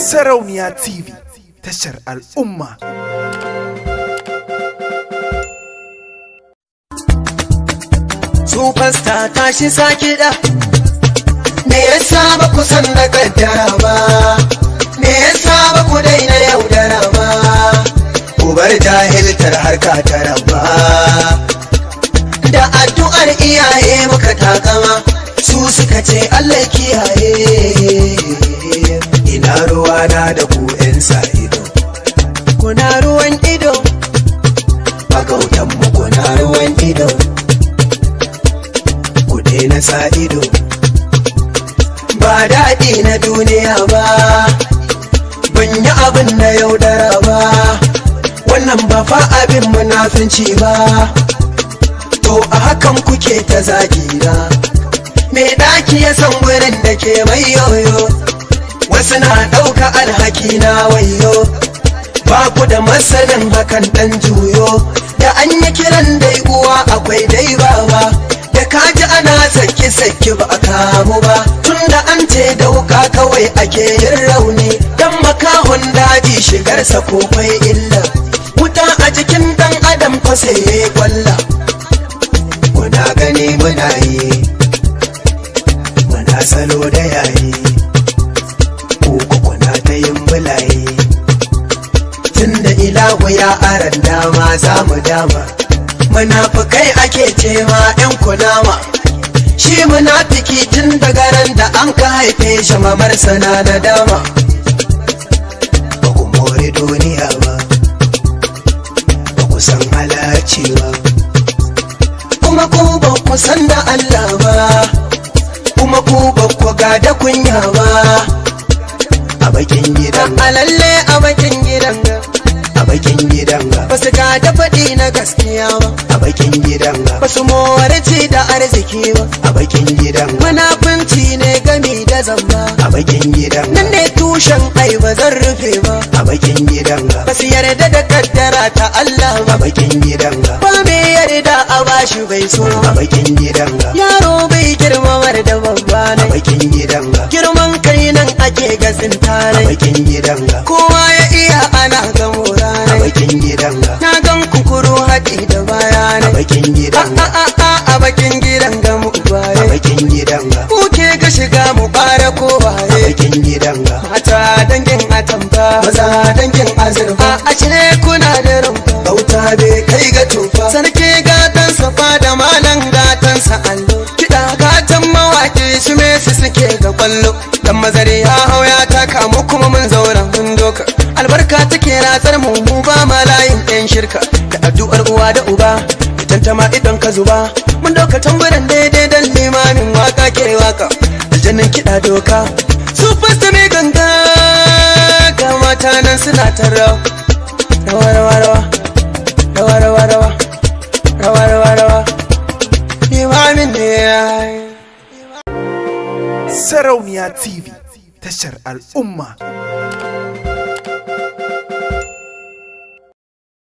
Sarauniya TV tashar al'umma. Superstar tashi sa da me yasa ba ku san na kaddara ba, me yasa ba ku daina yaudara ba, ku bar jahiltar harka ta raba Da addu'ar iyaye muka takama, su suka ce Allah kiyaye. da ku 'yan sa ido kuna ruwan ido magautan mu kuna ruwan ido ku na sa ido ba daɗi na duniya ba ban yi abin na yaudara ba wannan ba fa abin munafinci ba to a hakan kuke ta na? me ɗaki ya san wurin da ke mai yoyo wasu na ɗauka alhaki na wayo ba ku da masanin hakan ɗan juyo da an yi kiran dai uwa akwai dai baba da kaji ana saki saki ba a kamu ba Tun da an ce dauka kawai ake yin rauni dan makahon daji shigarsa ko kwai illa wuta a jikin ɗan adam ko sai yi kwalla muna gani muna yi muna salo da yayi ku kuna ta yin bulaye tunda ilahu ya aran dama za mu dama munafukai ake cewa yan kunama shi munafiki tun daga ran da an ka haife shi mamar sana na dama ba ku more duniya ba ba ku san halarci ba kuma ku ba ku san da Allah ba kuma ku ba ku gada kunya ba bakin gidan a lalle a bakin gidan ga a bakin gidan ga ba su gada faɗi na gaskiya ba a bakin gidan ga ba su mowarci da arziki ba a bakin gidan ga munafunci ne gami da zamba a bakin gidan ga nan ne tushen ai ba zan rufe ba a bakin gidan ga ba su yarda da kaddara ta Allah ba a bakin gidan ga ba me yarda a bashi bai so a bakin gidan ga yaro bai girmamar da babba ne a bakin gidan ga girman kai ga a bakin gidan ga kowa ya iya ana ga a bakin gidan ga na gan kukuru haɗi da a bakin gidan ga a a bakin gidan ga mu baye bakin gidan ga kuke ga shiga mu bare ko baye bakin gidan ga mata dangin atamba maza dangin azurfa a shire kuna da rumfa bauta be kai ga tufa sarki gatansa safa da malan gatan sa allo kiɗa gatan mawaki su me su suke ga kwallo dan mazariya. barka mu kuma mun zauna mun doka albarka take ratsar mu mu ba ma layin shirka da addu'ar uwa da uba da tantama idan ka zuba mun doka tamburan daidai dan limamin waka ke waka aljannan kiɗa doka su fasta mai ganga ga mata nan suna tarra rawa rawa rawa rawa rawa rawa rawa rawa rawa limamin ne ya Sarauniya TV tashar al'umma.